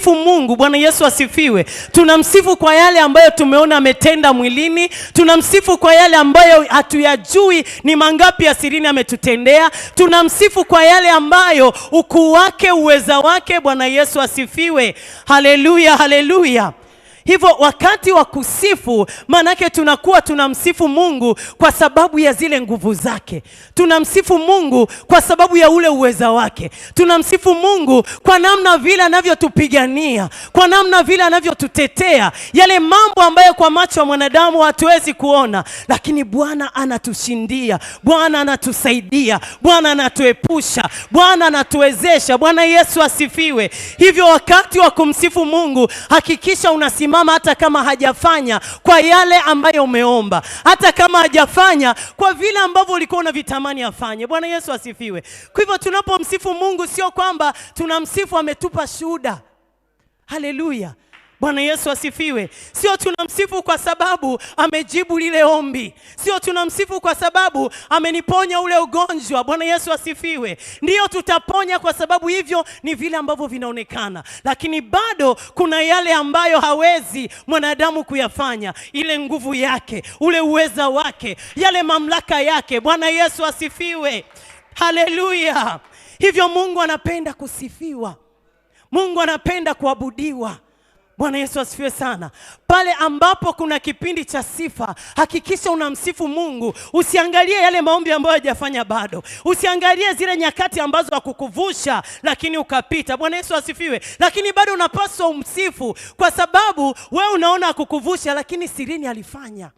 tunamsifu Mungu. Bwana Yesu asifiwe. Tunamsifu kwa yale ambayo tumeona ametenda mwilini, tunamsifu kwa yale ambayo hatuyajui ni mangapi ya sirini ametutendea, tunamsifu kwa yale ambayo ukuu wake, uweza wake. Bwana Yesu asifiwe. Haleluya, haleluya. Hivyo wakati wa kusifu, maanake tunakuwa tunamsifu Mungu kwa sababu ya zile nguvu zake, tunamsifu Mungu kwa sababu ya ule uweza wake, tunamsifu Mungu kwa namna vile anavyotupigania, kwa namna vile anavyotutetea, yale mambo ambayo kwa macho ya mwanadamu hatuwezi kuona, lakini Bwana anatushindia, Bwana anatusaidia, Bwana anatuepusha, Bwana anatuwezesha. Bwana Yesu asifiwe. Hivyo wakati wa kumsifu Mungu hakikisha unasimama atasimama hata kama hajafanya kwa yale ambayo umeomba, hata kama hajafanya kwa vile ambavyo ulikuwa unavitamani afanye. Bwana Yesu asifiwe. Kwa hivyo tunapomsifu Mungu sio kwamba tunamsifu ametupa shuhuda. Haleluya. Bwana Yesu asifiwe. Sio tunamsifu kwa sababu amejibu lile ombi, sio tunamsifu kwa sababu ameniponya ule ugonjwa. Bwana Yesu asifiwe. Ndiyo tutaponya kwa sababu hivyo ni vile ambavyo vinaonekana, lakini bado kuna yale ambayo hawezi mwanadamu kuyafanya, ile nguvu yake, ule uweza wake, yale mamlaka yake. Bwana Yesu asifiwe. Haleluya. Hivyo Mungu anapenda kusifiwa. Mungu anapenda kuabudiwa. Bwana Yesu asifiwe sana. Pale ambapo kuna kipindi cha sifa, hakikisha unamsifu Mungu. Usiangalie yale maombi ambayo hajafanya bado, usiangalie zile nyakati ambazo hakukuvusha lakini ukapita. Bwana Yesu asifiwe. Lakini bado unapaswa umsifu, kwa sababu wewe unaona hakukuvusha, lakini sirini alifanya.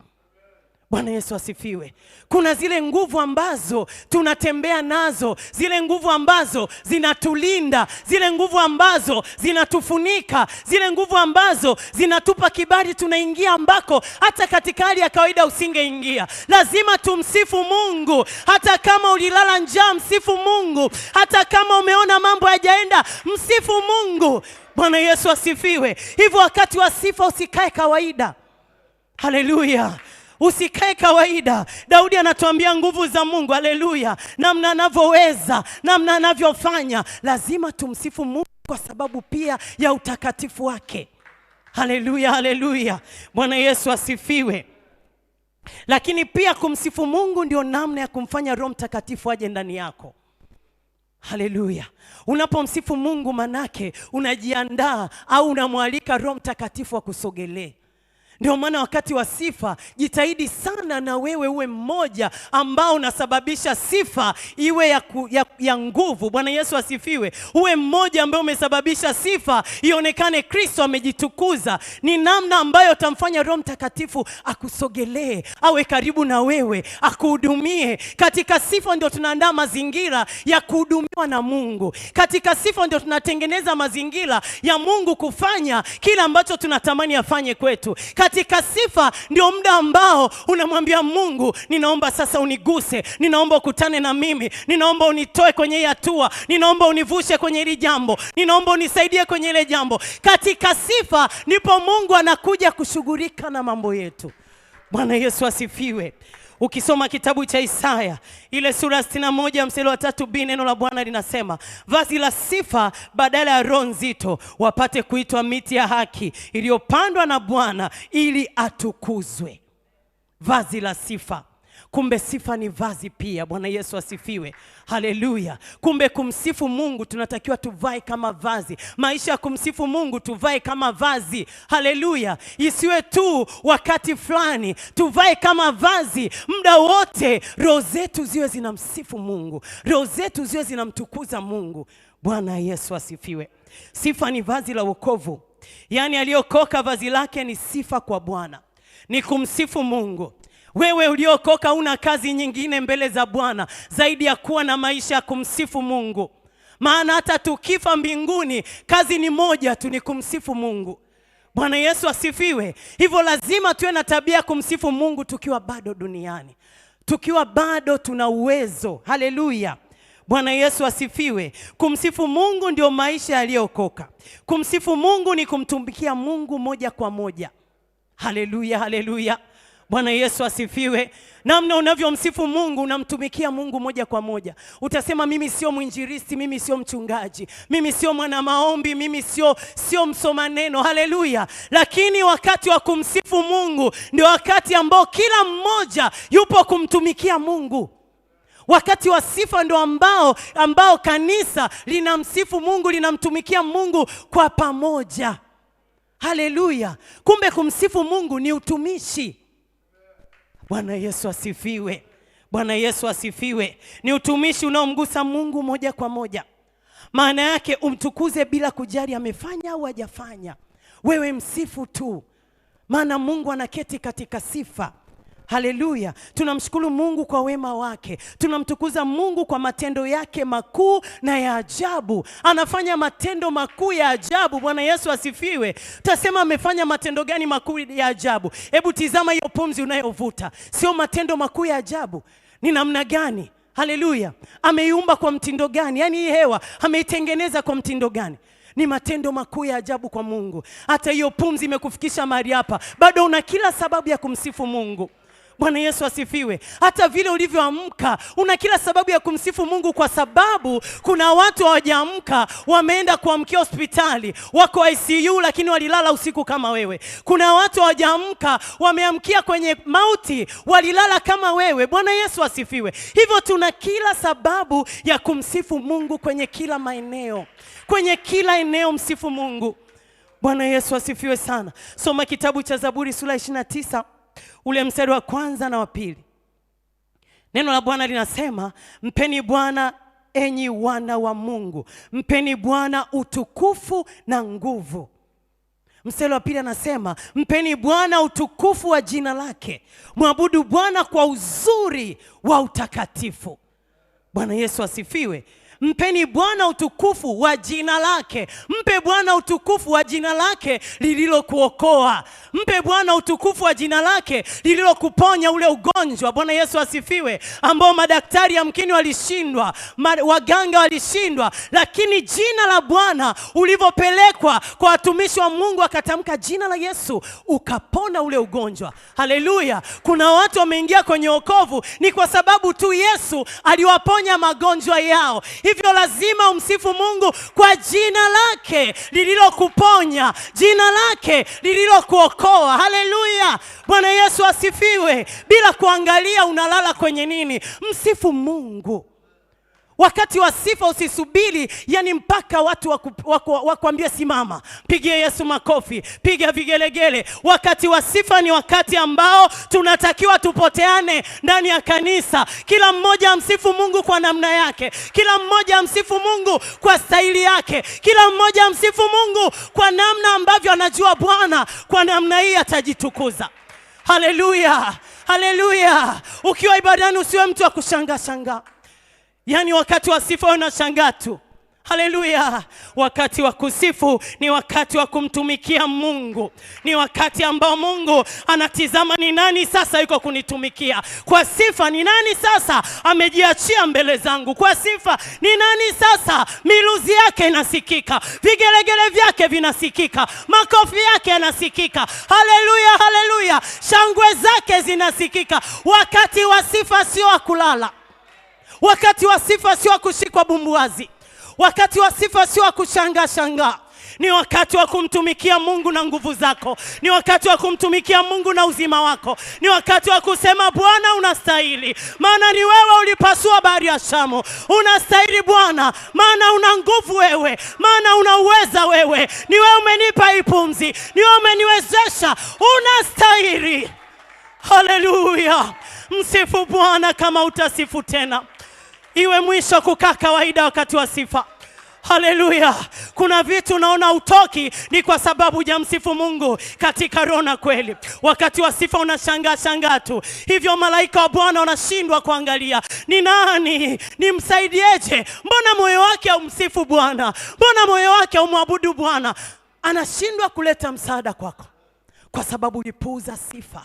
Bwana Yesu asifiwe. Kuna zile nguvu ambazo tunatembea nazo, zile nguvu ambazo zinatulinda, zile nguvu ambazo zinatufunika, zile nguvu ambazo zinatupa kibali, tunaingia ambako hata katika hali ya kawaida usingeingia. Lazima tumsifu Mungu. Hata kama ulilala njaa, msifu Mungu. Hata kama umeona mambo hayajaenda, msifu Mungu. Bwana Yesu asifiwe. Hivyo wakati wa sifa usikae kawaida. Haleluya. Usikae kawaida. Daudi anatuambia nguvu za Mungu, haleluya, namna anavyoweza, namna anavyofanya. Lazima tumsifu Mungu kwa sababu pia ya utakatifu wake. Haleluya, haleluya, Bwana Yesu asifiwe. Lakini pia kumsifu Mungu ndio namna ya kumfanya Roho Mtakatifu aje ndani yako. Haleluya! Unapomsifu Mungu manake unajiandaa au unamwalika Roho Mtakatifu akusogelee. Ndio maana wakati wa sifa jitahidi sana na wewe uwe mmoja ambao unasababisha sifa iwe ya, ku, ya, ya nguvu. Bwana Yesu asifiwe. Uwe mmoja ambaye umesababisha sifa ionekane Kristo amejitukuza. Ni namna ambayo utamfanya Roho Mtakatifu akusogelee, awe karibu na wewe, akuhudumie. Katika sifa ndio tunaandaa mazingira ya kuhudumiwa na Mungu. Katika sifa ndio tunatengeneza mazingira ya Mungu kufanya kila ambacho tunatamani afanye kwetu. Katika katika sifa ndio muda ambao unamwambia Mungu, ninaomba sasa uniguse, ninaomba ukutane na mimi, ninaomba unitoe kwenye hii hatua, ninaomba univushe kwenye hili jambo, ninaomba unisaidie kwenye ile jambo. Katika sifa ndipo Mungu anakuja kushughulika na mambo yetu. Bwana Yesu asifiwe. Ukisoma kitabu cha Isaya ile sura ya moja mstari wa tatu b neno la Bwana linasema vazi la sifa badala ya roho nzito, wapate kuitwa miti ya haki iliyopandwa na Bwana ili atukuzwe. Vazi la sifa Kumbe sifa ni vazi pia. Bwana Yesu asifiwe, haleluya. Kumbe kumsifu Mungu tunatakiwa tuvae kama vazi. Maisha ya kumsifu Mungu tuvae kama vazi, haleluya. Isiwe tu wakati fulani, tuvae kama vazi muda wote. Roho zetu ziwe zinamsifu Mungu, roho zetu ziwe zinamtukuza Mungu. Bwana Yesu asifiwe. Sifa ni vazi la wokovu, yaani aliyokoka vazi lake ni sifa kwa Bwana, ni kumsifu Mungu. Wewe uliokoka una kazi nyingine mbele za Bwana zaidi ya kuwa na maisha ya kumsifu Mungu, maana hata tukifa mbinguni kazi ni moja tu, ni kumsifu Mungu. Bwana Yesu asifiwe. Hivyo lazima tuwe na tabia ya kumsifu Mungu tukiwa bado duniani, tukiwa bado tuna uwezo. Haleluya. Bwana Yesu asifiwe. Kumsifu Mungu ndio maisha yaliyokoka. Kumsifu Mungu ni kumtumbikia Mungu moja kwa moja. Haleluya, haleluya. Bwana Yesu asifiwe. Namna unavyomsifu Mungu, unamtumikia Mungu moja kwa moja. Utasema mimi sio mwinjilisti, mimi sio mchungaji, mimi sio mwana maombi, mimi sio sio msoma neno. Haleluya! Lakini wakati wa kumsifu Mungu ndio wakati ambao kila mmoja yupo kumtumikia Mungu. Wakati wa sifa ndio ambao ambao kanisa linamsifu Mungu, linamtumikia Mungu kwa pamoja. Haleluya! Kumbe kumsifu Mungu ni utumishi. Bwana Yesu asifiwe. Bwana Yesu asifiwe. Ni utumishi unaomgusa Mungu moja kwa moja. Maana yake umtukuze bila kujali amefanya au hajafanya. Wewe msifu tu. Maana Mungu anaketi katika sifa. Haleluya, tunamshukuru Mungu kwa wema wake, tunamtukuza Mungu kwa matendo yake makuu na ya ajabu. Anafanya matendo makuu ya ajabu. Bwana Yesu asifiwe. tutasema amefanya matendo gani makuu ya ajabu? Hebu tizama hiyo pumzi unayovuta, sio matendo makuu ya ajabu ni namna gani? Haleluya, ameiumba kwa mtindo gani? Yaani hii hewa ameitengeneza kwa mtindo gani? Ni matendo makuu ya ajabu kwa Mungu. Hata hiyo pumzi imekufikisha mahali hapa, bado una kila sababu ya kumsifu Mungu. Bwana Yesu asifiwe. Hata vile ulivyoamka, una kila sababu ya kumsifu Mungu kwa sababu kuna watu hawajaamka, wameenda kuamkia hospitali, wako ICU lakini walilala usiku kama wewe. Kuna watu hawajaamka, wameamkia kwenye mauti, walilala kama wewe. Bwana Yesu asifiwe. Hivyo tuna kila sababu ya kumsifu Mungu kwenye kila maeneo, kwenye kila eneo, msifu Mungu. Bwana Yesu asifiwe sana. Soma kitabu cha Zaburi sura 29 ule mstari wa kwanza na wa pili. Neno la Bwana linasema mpeni Bwana enyi wana wa Mungu, mpeni Bwana utukufu na nguvu. Mstari wa pili anasema mpeni Bwana utukufu wa jina lake, mwabudu Bwana kwa uzuri wa utakatifu. Bwana Yesu asifiwe. Mpeni Bwana utukufu wa jina lake. Mpe Bwana utukufu wa jina lake lililokuokoa. Mpe Bwana utukufu wa jina lake lililokuponya ule ugonjwa. Bwana Yesu asifiwe, ambao madaktari yamkini walishindwa, waganga walishindwa, lakini jina la Bwana ulivyopelekwa kwa watumishi wa Mungu, akatamka jina la Yesu, ukapona ule ugonjwa. Haleluya! Kuna watu wameingia kwenye okovu ni kwa sababu tu Yesu aliwaponya magonjwa yao. Hivyo lazima umsifu Mungu kwa jina lake lililokuponya, jina lake lililokuokoa. Haleluya, Bwana Yesu asifiwe. Bila kuangalia unalala kwenye nini, msifu Mungu. Wakati wa sifa usisubiri, yani mpaka watu wakuambia waku, waku, waku simama. Pigie Yesu makofi, piga vigelegele. Wakati wa sifa ni wakati ambao tunatakiwa tupoteane ndani ya kanisa, kila mmoja amsifu Mungu kwa namna yake, kila mmoja amsifu Mungu kwa staili yake, kila mmoja amsifu Mungu kwa namna ambavyo anajua Bwana, kwa namna hii atajitukuza. Haleluya, haleluya! Ukiwa ibadani usiwe mtu wa kushangaa shangaa yaani wakati wa sifa unashangaa tu Haleluya! Wakati wa kusifu ni wakati wa kumtumikia Mungu, ni wakati ambao Mungu anatizama ni nani sasa yuko kunitumikia kwa sifa. Ni nani sasa amejiachia mbele zangu kwa sifa? Ni nani sasa miluzi yake inasikika, vigelegele vyake vinasikika, makofi yake yanasikika. Haleluya, haleluya! Shangwe zake zinasikika. Wakati wa sifa sio wa kulala. Wakati wa sifa sio wa kushikwa bumbuazi, wakati wa sifa sio wa kushangaa shangaa ni wakati wa kumtumikia Mungu na nguvu zako, ni wakati wa kumtumikia Mungu na uzima wako, ni wakati wa kusema Bwana unastahili, maana ni wewe ulipasua bahari ya Shamu. Unastahili Bwana, maana una nguvu wewe, maana una uweza wewe, ni wewe umenipa hii pumzi, ni wewe umeniwezesha, unastahili. Haleluya, msifu Bwana kama utasifu tena iwe mwisho kukaa kawaida wakati wa sifa. Haleluya! Kuna vitu unaona utoki, ni kwa sababu hujamsifu Mungu katika roho na kweli. Wakati wa sifa unashangaa shangaa tu hivyo, malaika wa Bwana wanashindwa kuangalia ni nani, nimsaidieje? Mbona moyo wake haumsifu Bwana? Mbona moyo wake haumwabudu Bwana? Anashindwa kuleta msaada kwako kwa sababu ulipuuza sifa.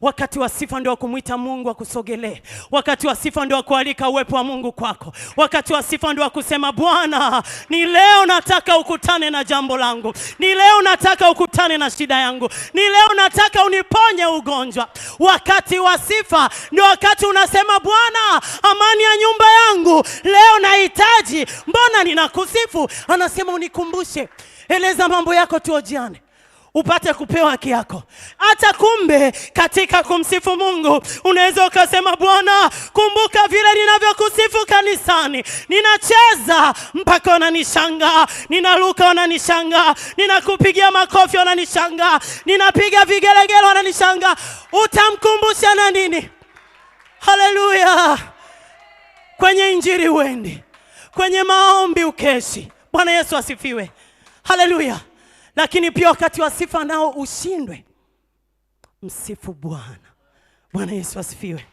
Wakati wa sifa ndio kumwita Mungu akusogelee. Wakati wa sifa ndio kualika uwepo wa Mungu kwako. Wakati wa sifa ndio kusema Bwana, ni leo nataka ukutane na jambo langu, ni leo nataka ukutane na shida yangu, ni leo nataka uniponye ugonjwa. Wakati wa sifa ndio wakati unasema Bwana, amani ya nyumba yangu leo nahitaji. Mbona ninakusifu? Anasema unikumbushe, eleza mambo yako tuojiane upate kupewa haki yako. Hata kumbe, katika kumsifu Mungu unaweza ukasema, Bwana, kumbuka vile ninavyokusifu kanisani, ninacheza mpaka unanishangaa, ninaruka unanishangaa, ninakupigia makofi unanishangaa, ninapiga vigelegele unanishangaa. Utamkumbusha na nini? Haleluya! Kwenye injili uende, kwenye maombi ukeshi. Bwana Yesu asifiwe! Haleluya! lakini pia wakati wa sifa nao ushindwe. Msifu Bwana. Bwana Yesu asifiwe.